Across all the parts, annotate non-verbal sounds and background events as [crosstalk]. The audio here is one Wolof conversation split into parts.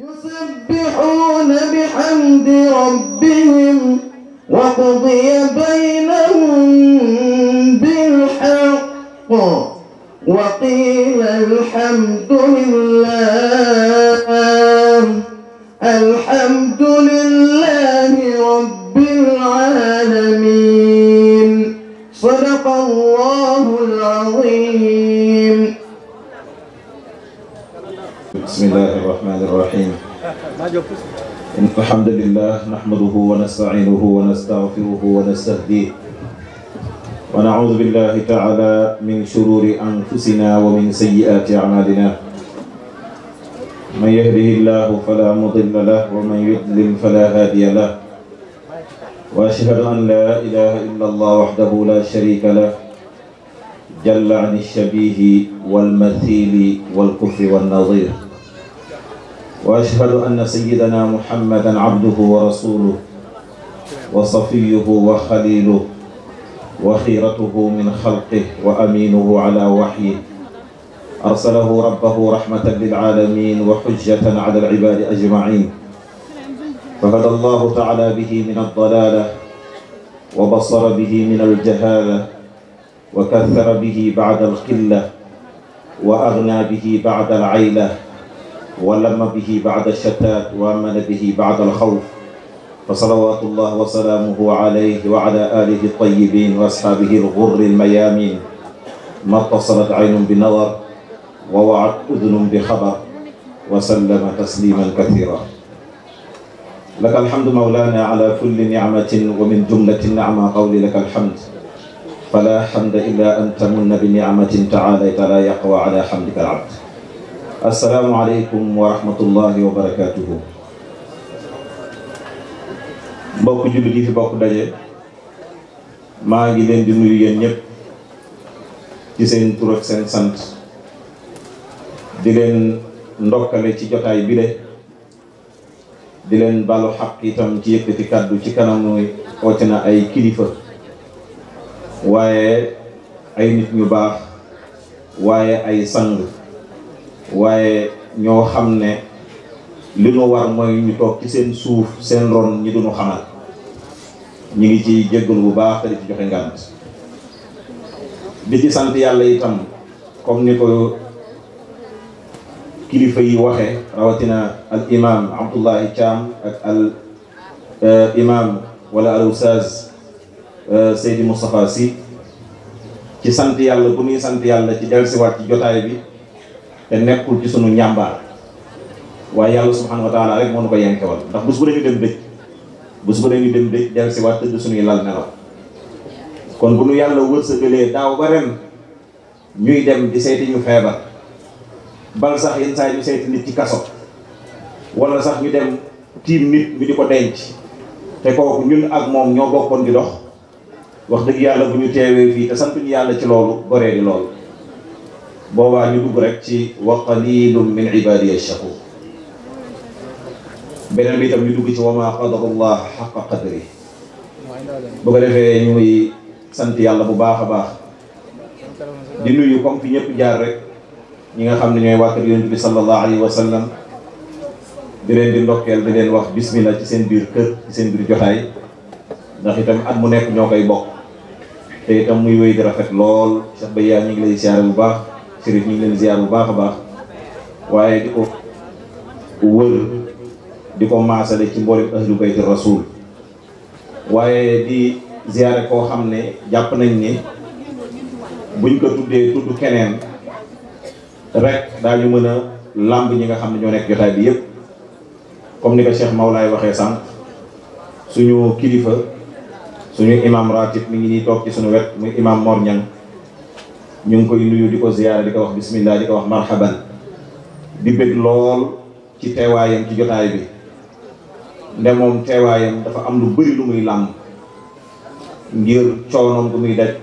يسبحون بحمد ربهم وقضي بينهم بالحق وقيل الحمد لله الحمد لله رب العالمين صدق الله العظيم بسم الله الرحمن الرحيم إن الحمد لله نحمده ونستعينه ونستغفره ونستهديه ونعوذ بالله تعالى من شرور أنفسنا ومن سيئات أعمالنا من يهده الله فلا مضل له ومن يضلل فلا هادي له وأشهد أن لا إله إلا الله وحده لا شريك له جل عن الشبيه والمثيل والكفر والنظير واشهد ان سيدنا محمدا عبده ورسوله وصفيه وخليله وخيرته من خلقه وامينه على وحيه ارسله ربه رحمه للعالمين وحجه على العباد اجمعين فهدى الله تعالى به من الضلاله وبصر به من الجهاله وكثر به بعد القله واغنى به بعد العيله ولم به بعد الشتات وأمن به بعد الخوف فصلوات الله وسلامه عليه وعلى آله الطيبين وأصحابه الغر الميامين ما اتصلت عين بنظر ووعت أذن بخبر وسلم تسليما كثيرا لك الحمد مولانا على كل نعمة ومن جملة النعمة قولي لك الحمد فلا حمد إلا أن تمن بنعمة تعالى لا يقوى على حمدك العبد Assalamualaikum warahmatullahi wabarakatuh. wa barakaatuhu mbokk jullit fi bokk dajé ma ngi len di nuyu yeen ñep ci seen tour ak seen sant di len ndokkale ci jotaay bi dé di len balu xaq tam ci yëkkati kaddu ci kanam woote na ay kilifa waaye ay nit ñu baax waaye ay sangu waaye ñoo xam ne li nu war mooy ñu toog ci seen suuf seen ron ñi duñu xamal ñu ngi ci jéggalu bu baax te di ci joxe ngànt di ci sant yàlla itam comme ni ko kilifa yi waxe rawatina al imam abdullahi caam ak al euh, imam wala al ustaz euh, seydi moustapha si ci sant yàlla bu ñuy sant yàlla ci delsiwaat ci jotaay bi te nekkul ci suñu njàmbaar waaye yàlla subhanahu wa taala rek moo nu ko yenkewal ndax bés bu dañu dem dëj bés bu dañu dem dëj del si waat tëdd suñuy lal nelaw kon bu nu yàlla wërsëgalee daaw ba ren ñuy dem di seeti ñu feebar bal sax yenn saa ñu seeti nit ci kaso wala sax ñu dem tiim nit ñu di ko denc te kooku ñun ak moom ñoo bokkoon di dox wax dëgg yàlla bu ñu teewee fii te sant ñu yàlla ci loolu goree di loolu boobaa ñu dugg rek ci wa qalilun min ibadiya shakur benen bi tam ñu dugg ci wa ma qadara allah xaqa qadri bu ko defé ñuy sant yalla bu baaxa baax di nuyu kom fi ñepp jaar rek ñi nga xamni ñoy ñooy yoonu bi sallallahu alayhi wa sallam di len di ndokkel di len wax bismillah ci seen biir kër ci seen biir joxay ndax itam at mu nekk ñokay bok te itam muy wéy di rafet lool Cheikh Baye yaa ngi lay siyaare bu baax sëriñ ñu ngi leen ziar bu baax a baax waaye di ko wër di ko maasale ci mboolem ahlu bayti rasul waaye di ziare koo xam ne jàpp nañ ni buñ ko tuddee tudd keneen rek daañu mën a làmp ñi nga xam ne ñoo nekk jotaay bi yëpp comme ni ko Cheikh Mawlaay waxee sànq suñu kilifa suñu imam ratib mi ngi nii toog ci suñu wet muy imam Mor ñu ngi koy nuyu di ziar diko di wax bismillah di wax marhaban di bëgg lool ci teewaayam ci jotaay bi nde mom teewaayam dafa am lu bëri lu muy làmm ngir coonoom gu muy daj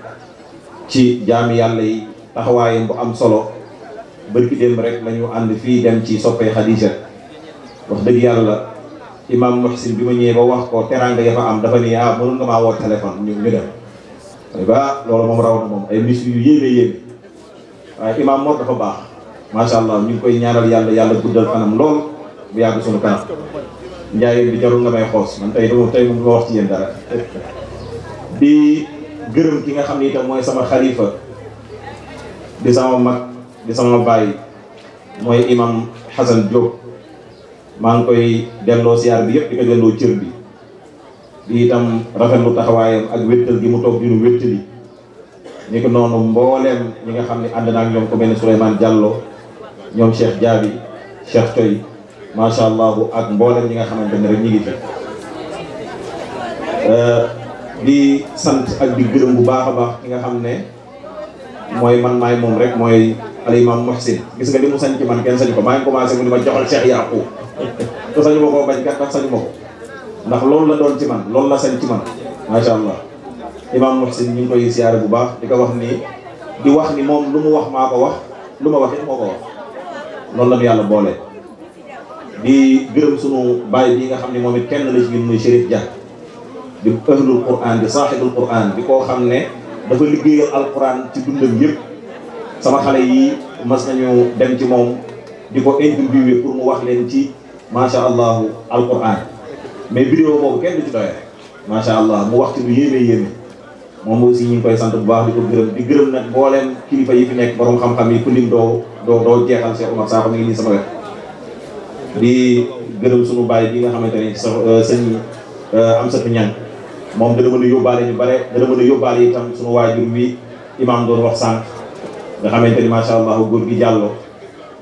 ci jaami yalla yi taxawaayam bu am solo bërki dem rek lañu and fi dem ci soppee Xadija wax dëgg yalla imam Muhsin bima ma ba wax ko teranga ya fa am dafa ni ya ah, mënu nga ma wo téléphone ñu ñu dem ba loolu moom raw na ay misri yu imam Mor dafa baax allah ñu koy ñaanal yàlla guddal kanam lool bu yàgg sunu kanam njaay bi jarul nga may xoos man dama wax ci dara di gërëm ki nga xam sama xalifa di sama Mak, di sama bàyyi imam Hasan Diop ma ngi koy delloo bi yëpp di ko delloo bi di itam rafetlu taxawayam ak wettal gi mu tok di nu wéttali ni ko nonu mbollem ñi nga xamni ne ak ñom ko melni ni Souleymane Diallo ñoom Cheikh jabi Cheikh Toy sha allah ak mbollem ñi nga xamante ne rek ñi ngi fi euh, di sante ak di gërëm bu baaxa baax ki nga xamne ne man may mom rek al imam Muhsin gis nga li mu man ken sañ ko ma ngi commencé mu ni ma joxal Cheikh Yaqou [laughs] to sañu ma koo bañ kat sañu ko ndax loolu la doon ci man loolu la sañ ci man macha allah imam Muhsin ñu koy siyaare bu baax di ko wax ni di wax ni moom lu mu wax maa ko wax lu ma waxit moo ko wax loolu la yàlla boole di gërëm sunu bàyyi bi nga xam ne moom it kenn la ci ñun muy Chérif Dia di ahlul quran di saaxibul quran di koo xam ne dafa liggéeyal alquran ci dundam yëpp sama xale yi mas nañu dem ci moom di ko interviewé pour mu wax leen ci macha allahu alquran mais vidéo bobu kenn du ci ma sha allah mu waxtu lu yéeme yéeme moom aussi ñi koy sant bu baax di ko di gërëm nag mbooleem kilifa yi fi nek borom xam-xam yi ku lim do do do jéxal Cheikh Omar Sakho mi ngi sama wet di gërëm suñu bay bi nga xamante ne sa sëñ am sa fi ñaan mom da dama ñu yobale ñu bare da dama ñu yobale itam suñu waajur wi imam do wax sank nga xamanteni ma sha allah goor gi jallo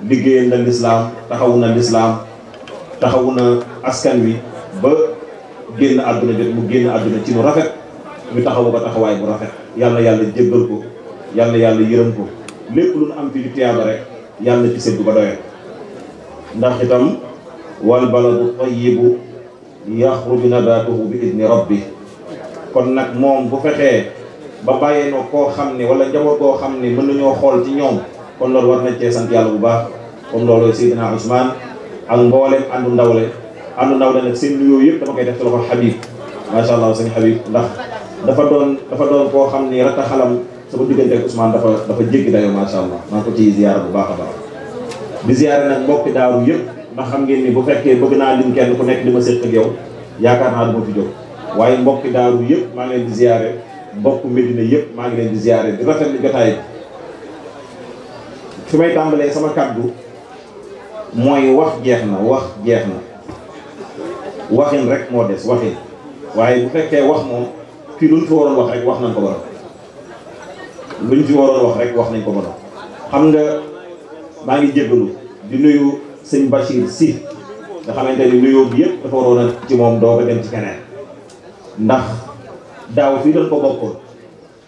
liggéey na l'islam taxawuna l'islam taxawuna eh, askan wi ba génn àdduna jot mu génn àdduna ci mu rafet ñu taxawu ko taxawaay bu rafet yàlla yàlla jéggal ko yàlla yàlla yërëm ko lépp lu nu am fi di rek yàlla ci sëddu ba doyal ndax itam wal baladu tayyibu yaxruju nabatuhu bi idni rabbi kon nag moom bu fexee ba bàyyee noo koo xam ne wala njaboot koo xam ne mën nañoo xool ci ñoom kon loolu war nañ sant yàlla bu baax comme loolu Seydina Ousmane ak mboolem àndu ndawle am na ndaw la nag seen nuyoo yëpp dama koy def ci loxo Habib macha allah sëñ Habib ndax dafa doon dafa doon koo xam ni rata xalam sama diggante ak dafa dafa jéggi dayoo macha allah maa ko ciy ziyaara bu baax a baax di ziyaara nag mbokki daaru yëpp ndax xam ngeen ni bu fekkee bëgg naa lim kenn ku nekk li ma séq ak yow yaakaar naa dama fi jóg waaye mbokki daaru yëpp maa ngi leen di ziyaare mbokk Medina yëpp maa ngi leen di ziyaare di rafetlu jotaay bi fi may sama kàddu mooy wax jeex wax jeex waxin rek moo des waxin waaye bu fekkee wax moom fii luñ fi waroon wax rek wax nañ ko ba luñ fi waroon wax rek wax nañ ko ba xam nga maa ngi jéggalu di nuyu sëñ Bachir si nga xamante ni nuyoo bi yëpp dafa waroon a ci moom doo ko dem ci keneen ndax daaw fii dañ ko bokkoon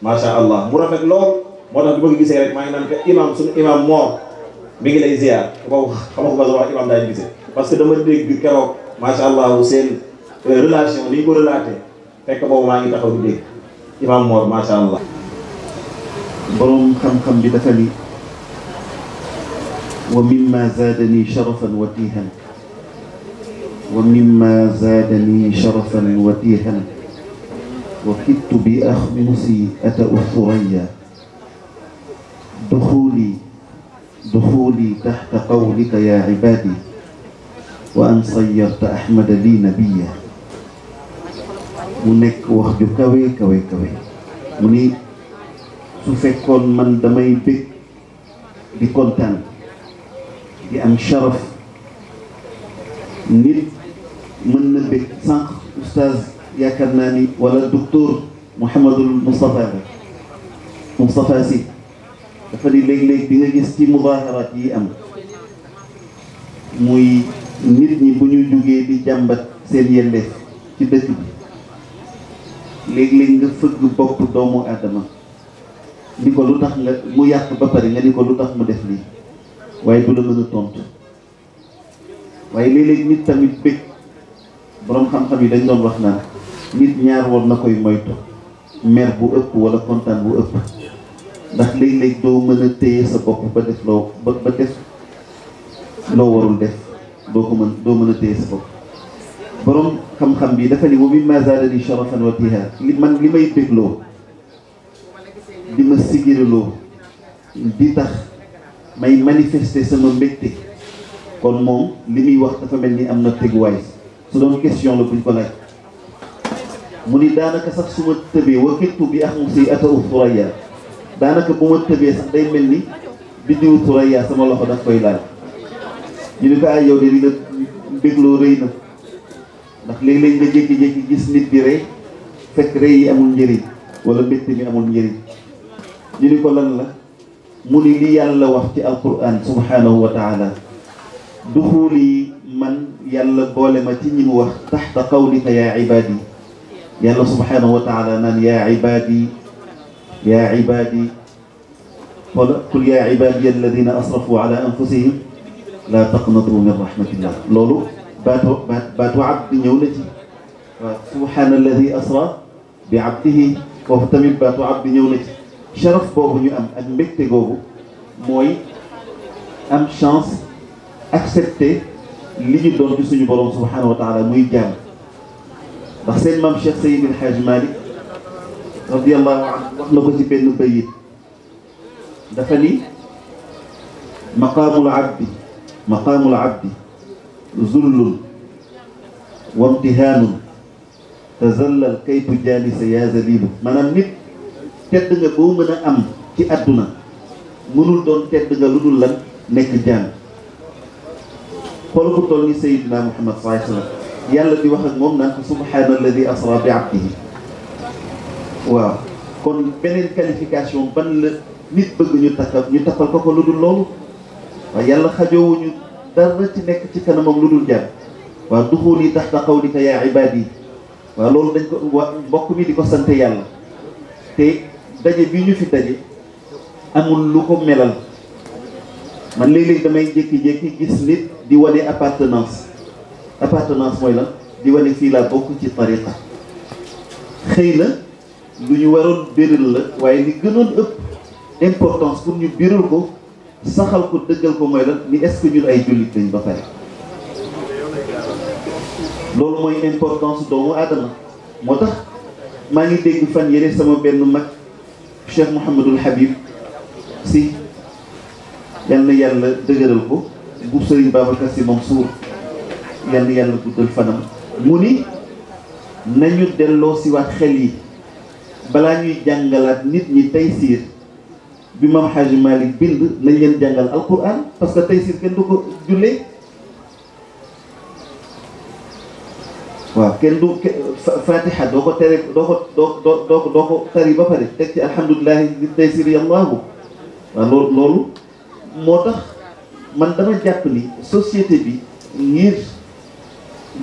macha allah mu rafet lool moo tax bi ma ko gisee rek maa ngi naan que imam suñu imam moor mi ngi lay ziar ko wax imam macha allah seen relation ni ñu ko relaté fekk boobu maa ngi taxaw di dégg imam Mor macha allah. borom xam-xam bi dafa ni wa mimma zaadani sharafan wa tiihan wa mimma zaadani sharafan wa tiihan wa kittu bi axmusi ata usuraya duxuuli duxuuli taxta qawlika yaa ibaadi وأن صيرت أحمد لي نبيا mu nekk wax ju kawe kawe kawe mu ni su fekkoon man damay bég di kontaan di am sharaf nit mën na bég sànq oustaz yaakaar naa ni wala docteur Mouhamadul Moustapha bi Moustapha si dafa ni léeg-léeg di nga gis ci mudaaharaat yi am muy nit ñi bu ñu joggé di jambat seen yende ci dëkk bi léeg-léeg nga fëgg bokk doomu adama diko lutax lu la mu yaq ba pare nga diko lutax mu def ni waye du la mëna tontu waye léeg-léeg nit tamit bëgg borom xam-xam yi dañ doon wax na nit ñaar woon na koy moytu mer bu ëpp wala kontaan bu ëpp ndax léeg-léeg do mëna téyé sa bokk ba def lo ba def lo warul def doo ko mën doo mën a téye sa bopp xam-xam bi dafa ni wa mimma zaadani sharafan wa tiha li man li may bégloo ma sigiraloo di tax may manifester sama mbégte kon moom li muy wax dafa mel ni am na teguwaay su doon question la buñ ko laaj mu ni daanaka sax su ma tëbee wakittu bi ax mu si ata u turaya daanaka bu ma tëbee sax day mel ni biddiwu turaya sama loxo daf koy laal ñu ne ko ay ah, yow de li nga dégloo rëy na ndax léeg-léeg nga jékki-jékki gis nit di rey fekk rey yi amul njëriñ wala mbégte mi amul njëriñ ñu ni ko lan la mu ni li yàlla wax ci alquran subhanahu wa taala duxuli man yàlla boole ma ci ñi mu wax taxta qawlika yaa ibaadi yàlla subhanahu wa taala naan yaa ibaadi yaa ibaadi wala qul yaa ibaadi alladina asrafu ala anfusihim لا تقنطوا من رحمة الله لولو باتو باتو عبد نيولتي سبحان الذي أسرى بعبده وفتمي باتو عبد نيولتي شرف بوغو نيو أم أم موي أم شانس أكسبتي لي دون في سوني بوروم سبحانه وتعالى موي جام دا مام شيخ سيد الحاج مالي رضي الله عنه نكو سي بن بيي دا مقام العبد مقام العبد ذل وامتهان تزلل كيف جالس يا زليل من النب تد نبو من أم كي أدنا من دون تد نلول لن نك جان خلق تولي سيدنا محمد صلى الله عليه وسلم يالا دي واخ مومنا سبحان الذي أسرى بعبده واو كون بنين كاليفيكاسيون بان نيت بغ ني تاكال ني تاكال كوكو لودو yalla yàlla xajoowuñu dara ci nek ci kanam ak luddul jàmm wa dukhuli tahta qawlika ya ibadi wa loolu dañ ko bokk bi di sante yalla te dajé bi ñu fi dajé amul lu ko melal man léeg-léeg damay jekki jekki gis nit di wone appartenance appartenance moy lan di wone fi la bokk ci tariqa xëy na lu ñu waroon béral la waye li gënon ëpp importance pour ñu birul ko saxal ko dëggal ko moy lan ni est-ce que ñun ay julit lañ ba fay loolu moy importance doomu aadama moo tax maa ngi degg fan yene sama benn mak Cheikh mohammedul Habib si yalla yalla yàlla ko bu serigne Babacar si Mansour yalla yalla yàlla guddal fanam muni nañu delo si wat xel yi bala ñuy jangalat nit ñi tay sir bi maam Xaaji Malick bind nañ leen jàngal alquran parce que tey siir kenn du ko jullee waaw kenn du fatiha doo ko tere doo ko doo ko tari ba pare teg ci alhamdulilahi li tey siir yallaahu waaw loolu moo tax man dama jàpp ni société bi ngir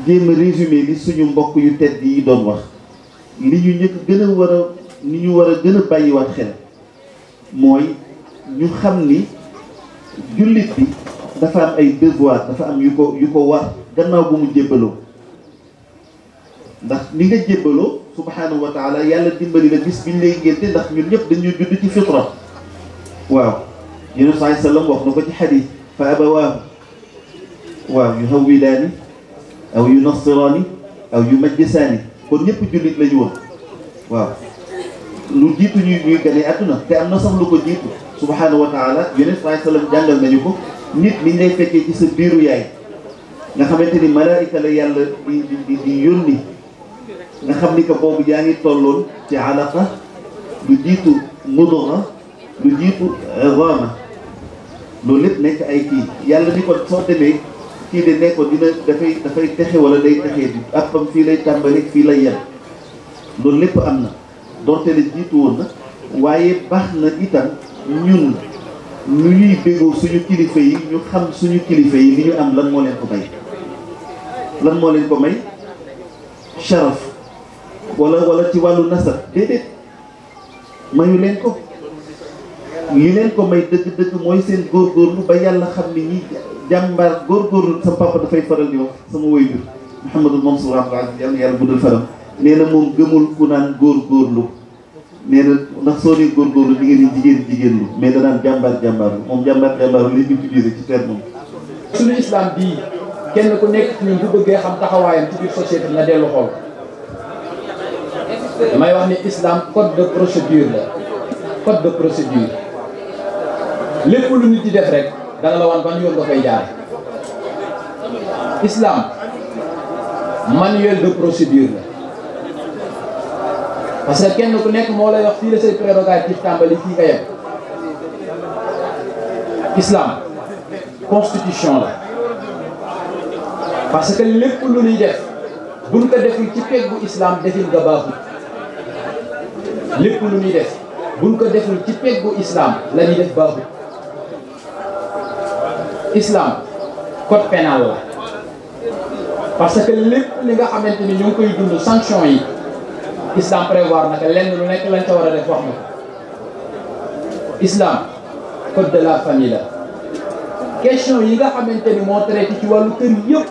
jéem a résumé li suñu mbokk yu tedd yi doon wax li ñu ñëkk gën a war a ni ñu war a gën a bàyyiwaat xel moy ñu xamni ni jullit bi dafa am ay devoir dafa am yuko yuko war gannaaw bu mu jébelo ndax ni nga jébelo subhanahu wa taala yàlla dimbali la bis biñ lay gënte ndax ñun ñëpp dañu judd ci fitra waaw yunus sallallahu alayhi wasallam wax nako ci hadith fa abawaahu waaw yu aw yunassirani aw yumajjisani kon ñëpp jullit lañu ñu woon waaw lu jiitu ñuy ñuy gane àdduna te am na sax lu ko jiitu subhaanahu wa taala yonent bi sallam jàngal nañu ko nit liñ lay fekkee ci sa biiru yaay nga xamante ni malaayika la yàlla di di di yónni nga xam ni ko boobu yaa ngi tolloon ci alaqa lu jiitu mudora lu jiitu rama loolu lépp nekk ay kii yàlla ni ko soo demee kii de ne ko dina dafay dafay texe wala day texee di appam fii lay tàmbali fii lay yem loolu lépp am na donte la jiitu woon na waaye baax na itam ñun nu ñuy déggoo suñu kilifa yi ñu xam suñu kilifa yi li ñu am lan moo leen ko may lan moo leen ko may sharaf wala wala ci wàllu nasab déedéet mayu leen ko li leen ko may dëgg-dëgg mooy seen góorgóorlu ba yàlla xam ni ñi jàmbaar góorgóorlu sama papa dafay faral di wax sama waajur Mouhamadou Mansour Abdoulaye yàlla na yàlla guddal faram nee na moom gëmul ku naan góor nee na ndax soo nee góorgóorlu di ngeen di jigéen jigéen lu mais danaan jàmbaar jàmbaar lu moom jàmbaar jàmbaar lu li ñu utilisé ci terme moom suñu islam nekk ci ñun bu xam taxawaayam ci biir société na dellu wax ni islam code de procédure la code de lépp lu nit di def rek dana la wan ban yoon koy jaar islam manuel de procédure parce que kenn ku nekk moo lay wax fii la say prérogative tàmbali fii islam constitution parce que lepp lu ñuy def buñ ko deful ci peggu islam defil ga baaxul lepp lu ñuy def buñ ko deful ci peggu islam la ñuy def baaxul islam code pénal la parce que lepp li nga xamanteni ñu koy dund sanction yi islam prévoir naka lenn lu nekk lañ ca war a def wax de la famille la yi nga xamante ni moo traité ci wàllu kër yëpp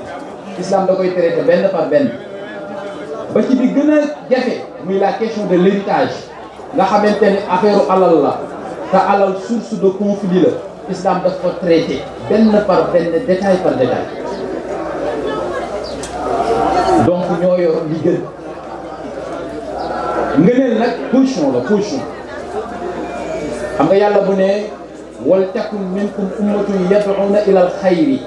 islam da koy traité benn par benn ba ci bi gën a jafe muy la question de l'héritage nga xamante ni affaire u alal la te alal source de conflit la islam daf ko traité benn par benn détail par détail donc ñoo yor li gën ngëneel nag position la position xam nga yàlla bu ne wal takun minkum ummatun yad'una ila al xayri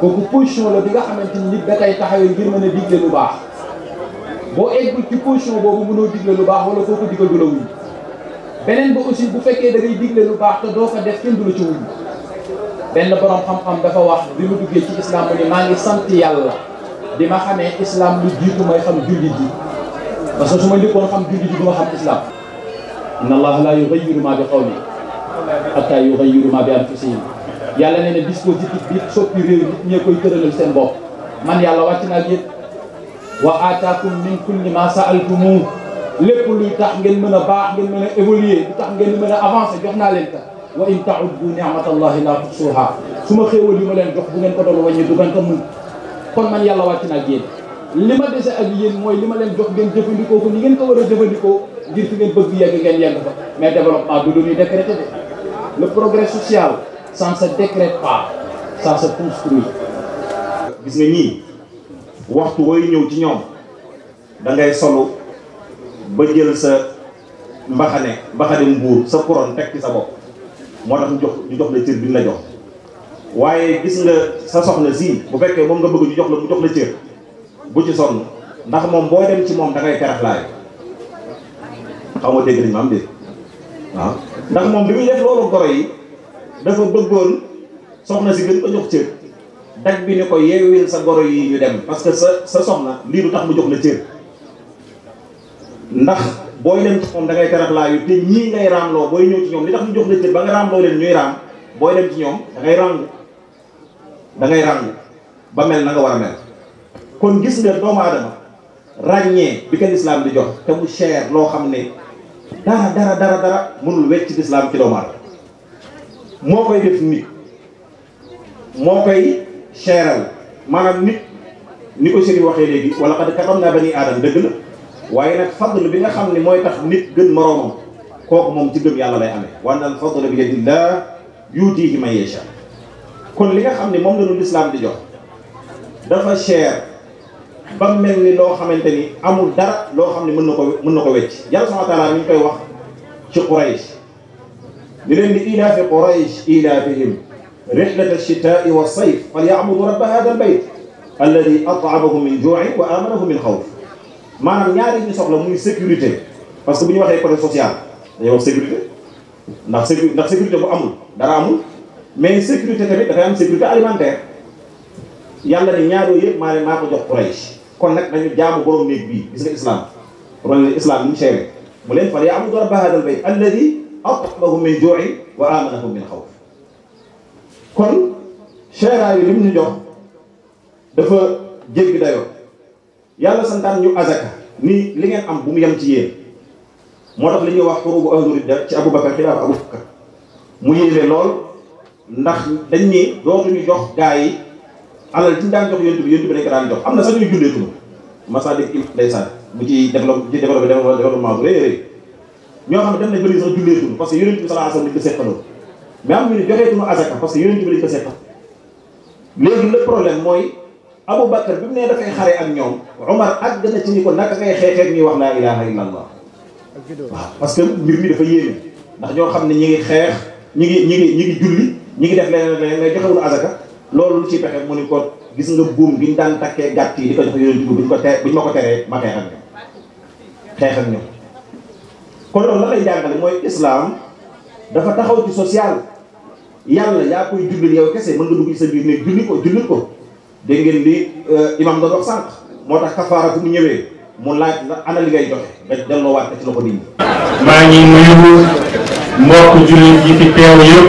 kooku position la bi nga xamante ni nit da koy taxawee ngir mën a digle lu baax boo eggul ci position boobu mënoo digle lu baax wala kooku digal du la wuñ beneen ba aussi bu fekkee da ngay digle lu baax te doo ko def kenn du la ci wuñ benn borom xam-xam dafa wax bi mu duggee ci islam mu ne maa ngi sant yàlla di ma xamee islam lu jiitu may xam jullit ji parce que su ma njëkkoon xam julli ji du ma xam islam inna allaha la yughayyiru ma bi qawmin hatta yughayyiru ma bi anfusihim yàlla nee na dispositif bi soppi réew nit ñee koy tëralal seen bopp man yàlla wàcc naa yëpp wa aataakum min kulli ma saaltumu lépp luy tax ngeen mën a baax ngeen mën a évoluer lu tax ngeen mën a avancer jox naa leen ka wa in tauddu ni'matallahi la tuhsuha su ma xéewal yi ma leen jox bu ngeen ko doon wàññi du ngeen ko mun kon man yàlla wàcc naa yéen li ma dese ak yéen mooy li ma leen jox ngeen jëfandikoo ko ni ngeen ko war a jëfandikoo ngir fi ngeen bëgg yegg ngeen yegg fa mais développement du lu ñuy décréter de le progrès social ça ne se décrète pas sa se construit. gis nga ñii waxtu wooy ñëw ci ñoom dangay ngay solo ba jël sa mbaxane mbaxane mbuur sa couronne teg ci sa bopp moo tax ñu jox ñu jox la cër bi ñu la jox waaye gis nga sa soxna si bu fekkee moom nga bëgg jox la mu jox la cër. bu ci sonn ndax moom boo dem ci moom dangay ngay perexlaay xaw ma dégg nañ ma am dégg waaw ndax moom bi muy def loolu goro yi dafa bëggoon soxna si gën ko jox cër daj bi ni ko yeewil sa goro yi ñu dem parce que sa sa soxna lii du tax mu jox na cër ndax booy dem ci moom da ngay perexlaayu te ñii ngay raamloo booy ñëw ci ñoom li tax ñu jox la cër ba nga raamloo leen ñuy raam booy dem ci ñoom da ngay ràng ba mel na nga war a mel kon gis nga doomu aadama ràññee bi ken islam di jox te mu cher lo xam ne dara dara dara dara mënul wecc islam ci doomu aadama mo koy def nit mo koy cheral manam nit ni ko sëriñ waxee léegi wala qad katamna bani adam deug la waaye nak fadl bi nga xam moy tax nit gën moroomam kok mom ci gëm yalla lay amé wan al fadl bi yadillah yutihi may yasha kon li nga mom la islam di jox dafa cher ba mu mel ni amul dara loo xam ne mën na ko mën na ko wecc yàlla subhaanahu wa taala mi ngi koy wax ci Quraysh di leen di ilaafi Quraysh ilaafihim rihlata ash-shitaa'i wa sayf falya'budu rabba haadha al-bayt alladi at'amahum min juu'in wa aamanahum min xawf maanaam ñaari ñu soxla muy sécurité parce que bu ñu côté social dañuy wax sécurité ndax sécu ndax sécurité bu amul dara amul mais sécurité tamit dafay am sécurité alimentaire yàlla ne ñaar yooyu yëpp maa ko jox Quraysh kon nag dañu jaamu borom néeg bii gis nga islam ron ne islam ni mu seere mu leen fal ya'budu rabba haadal bayt alladi at'amahum min juu'in wa aamanahum min kon seeraa yi lim ñu jox dafa jéggi dayoo yàlla santaan ñu azaka ni li ngeen am bu mu yem ci yéen moo tax li ñuy wax xurubu ahlu ridda ci aboubacar xilaafa aboubacar mu yéeme lool ndax dañ ni dootuñu jox gaa yi alal ci ñu daan jox yontu bi yontu bi dañ daan jox am na sax ñuy jullee tuma Masalik ndeysaan bu ci développé ci développé développement bu rëy rëy ñoo xam ne dem nañ bëri sax jullee tuma bi sallallahu alayhi wasallam mais am ñu joxee tuma azaka parce que yonent bi problème mooy Abu Bakar bi mu nee dafay xare ak ñoom Omar àgg na ci ni ko naka ngay xeexee ñuy wax laa ilaha illa allah parce que mbir mi dafa yéeme ndax ñoo xam ne ñi ngi xeex ñi ngi ñi ngi ñi ngi julli ñi ngi def leneen leneen mais joxewul azaka loolu ci pexe mo ni ko gis nga boom biñ dan daan gatti diko def di ko jox buñ ko te buñ mako ko ma xeex ak ñoom xeex ak ñoom kon loolu la lay jangal moy islam dafa taxaw ci social yalla ya koy jullil yow kese mën nga dugg ci sa biir ne julli ko julli ko de ngeen li euh, imam da dox sank motax kafara kafaara fu mu ñëwee mu laaj ana li ngay joxe nga delloo waat ci loxo nit ma ngi nuyu mbokk jullit yi fi teew yëpp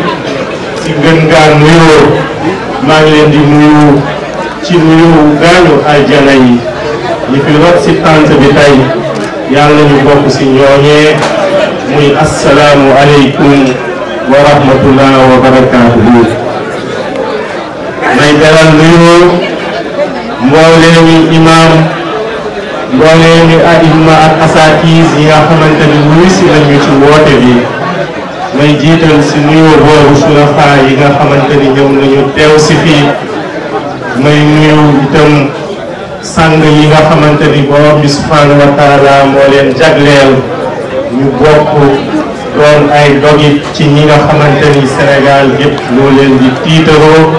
ci gën gaa nuyu maa ngi leen di nuyu ci nuyu gaañu aljana yi ñi fi wat si tànt bi tey yàlla nañu bokk si ñooñee muy assalaamu aleykum wa rahmatullah wa barakaatuhu may dalal nuyu mbooleemi imaam mbooleemi aima ak asaatis yi nga xamante ni nañu ci woote bi may jiital si nuyoo boobu surafa yi nga xamante ni ñoom teew si fii may nuyu itam sang yi nga xamante borom bi subhanahu wa moo leen jagleel ñu bokk doon ay dogit ci ñi nga xamante ni Sénégal yëpp leen di tiitaroo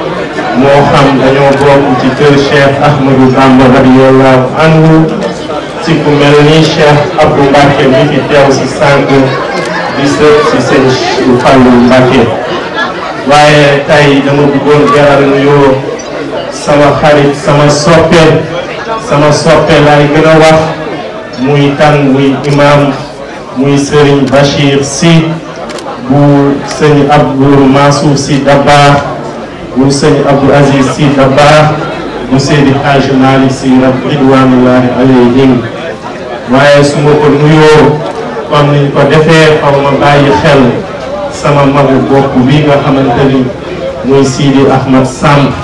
moo xam dañoo bokk ci kër Cheikh Ahmadou Bamba radiyallahu anhu si ku mel ni Cheikh Abdou Mbacke mi fi teew si sang di seet si sëñ Fallou Mbacké waaye tey dama bëggoon jaral nuyoo sama xarit sama soppe sama soppe laay gën a wax muy tan muy imam muy sëriñ Bachir Sy bu sëñ Abdou Mansour Sy Dabakh bu sëñ Abdou Aziz Sy Dabakh bu Seydi Hadji Malick Sy ridwanullahi alayhim waaye su ma ko nuyoo kon niñ ko defee xaw ma bàyyi xel sama magu bopp bi nga xamante ni muy Sidi Ahmed Samb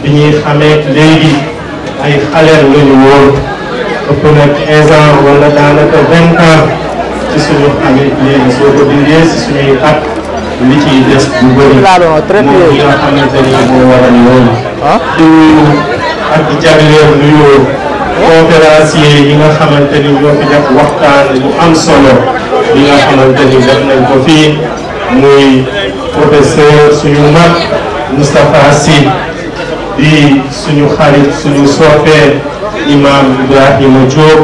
bi ñuy xamee léegi ay xaleel lañu woon ëpp na 15 ans wala daanaka 20 ci suñu xamee léegi soo ko dindee si suñuy at li ciy des bu bëri moom ñi nga xamante ni waral loolu ah. di ak jagleel nuyoo conférencier yi nga xamante ni ñoo fi def waxtaan bu am solo bi nga xamante ni def nañ ko fii muy professeur suñu mag Moustapha Sy di suñu xarit suñu soppee imam Ibrahima Diop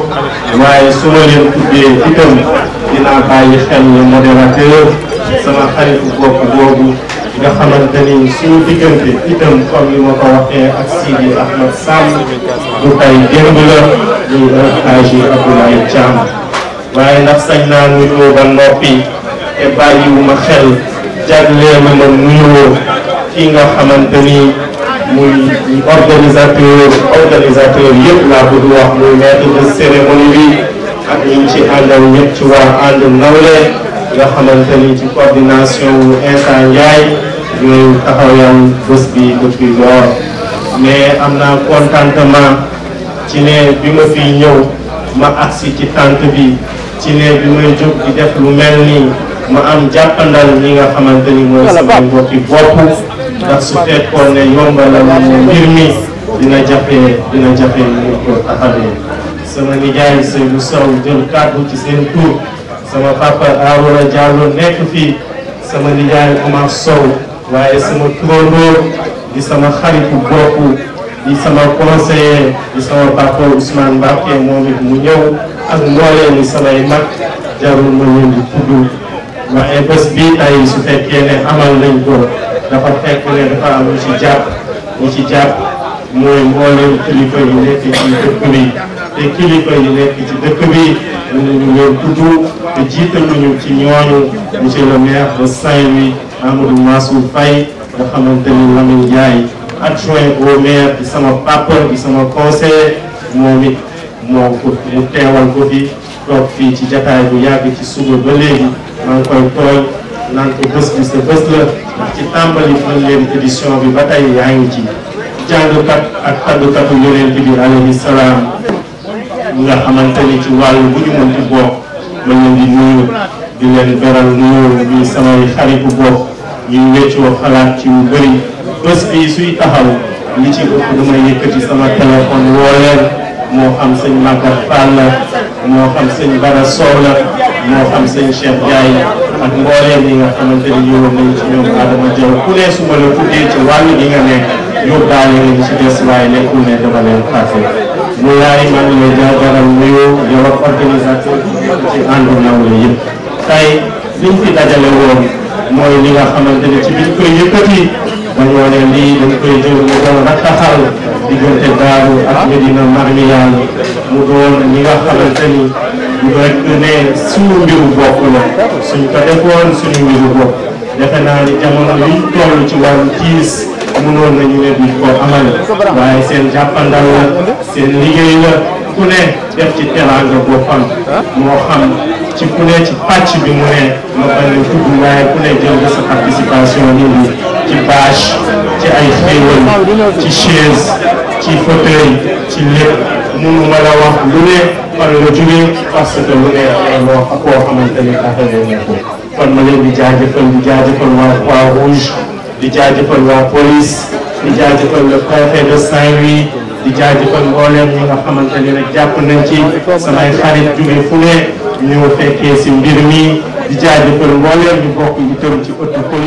waaye su ma leen tuddee itam dinaa bàyyi xel ne modérateur sama xarit bopp boobu nga xamante ni suñu diggante itam comme li ak Sidi Ahmed Sam du tey démb la ñuy Alxaaji Abdoulaye Thiam waaye ndax sañ naa nuyoo ba noppi te bàyyiwuma xel jagleelu ma nuyoo ki nga xamante ni muy organisateur organisateur yëpp laa bëgg wax muy maître de bi ak ñi ci àndal ñëpp ci waa ànd nawle nga xamante ni ci coordination wu Insa Ndiaye ñooy bés bi depuis lors mais am naa contentement ci ne bi ma fiy ñëw ma agsi ci tente bi ci ne bi may jóg di def lu mel nii ma am jàppandal li nga xamante ni mooy sama mbokki bopp ndax su fekkoon ne yombalal mu mbir mi dina jafe dina jafe ñu ko taxawee sama nijaay Seydou Sow jël kàddu ci seen tur sama papa Arouna Diallo nekk fii sama nijaay Omar Sow waaye sama turandoo di sama xaritu bopp di sama conseiller di sama papa Ousmane Mbacké moom it mu ñëw ak mboolee ni samay mag jarul ma leen di tudd waaye bés bii tey su fekkee ne amal nañ ko dafa fekk ne dafa am lu ci jàpp lu ci jàpp mooy mbooleem kilifa yi nekk ci dëkk bi te kilifa yi nekk ci dëkk bi ñu ne ñu wër tudd te nañu ci ñooñu monsieur le maire de Saint-Louis Amadou Mansour Faye nga xamante ni Lamine ak adjoint au maire di sama papa di sama conseiller moom it moo ko teewal ko fi toog fii ci jataay bu yàgg ci suba ba léegi maa koy tooñ naan ko bi sa bés la ci tàmbali fan leen édition bi ba yaa ngi ci jàngkat ak tàggkatu yonent bi alayhi salaam nga xamante ci wàll bu ñu mënti bokk ma leen di di leen beral nuyu bi samay xaritu bopp ñuy weccoo xalaat ci yu bëri bés bi suy taxaw li ci ëpp dama yëkkati sama téléphone woo leen moo xam sëñ Maguette Fall la moo xam sëñ Bara Sow moo xam sëñ Cheikh Ndiaye ak mbooleem yi nga xamante ni yóbbu nañ ci ñoom Adama Diaw ku ne su ma la tuddee ci wàll gi nga nekk yóbbaale lañ ci des waaye nekkul ne dama leen fàtte Moulaye man lay jaajëfal nuyoo yow ak ci ànd nawle yëpp tey liñ fi dajale woon mooy li nga xamante ne ci biñ koy yëkkati dañoo ne lii dañ koy jël mu doon rattaxal diggante Daaru ak Medina Marmiyan mu doon ñi nga xamante ni ñu rek ne suñu mbiru bopp la suñ ko defoon suñu mbiru bopp defe naa ni jamono liñ toll ci wàllu tiis mënoon nañu leen di ko amal waaye seen jàppandal la seen liggéey la ku ne def ci teraanga boppam moo xam ci ku ne ci pàcc bi mu ne ma bañ a tudd waaye ku ne jël sa participation nii ci bâche ci ay xéewal ci chaise ci fauteuil ci lépp mënu ma la wax lu ne fan la jógee parce que lu ne loo koo xamante ni affaire yi ko ma leen di jaajëfal di jaajëfal waa Croix-Rouge di jaajëfal waa police di jaajëfal le préfet de Saint-Louis di jaajëfal mbooleem ñi nga xamante ni rek jàpp nañ ci samay xarit jóge fu ne ñëw fekkee si mbir mi di jaajëfal mbooleem ñu bokk itam ci ëttu police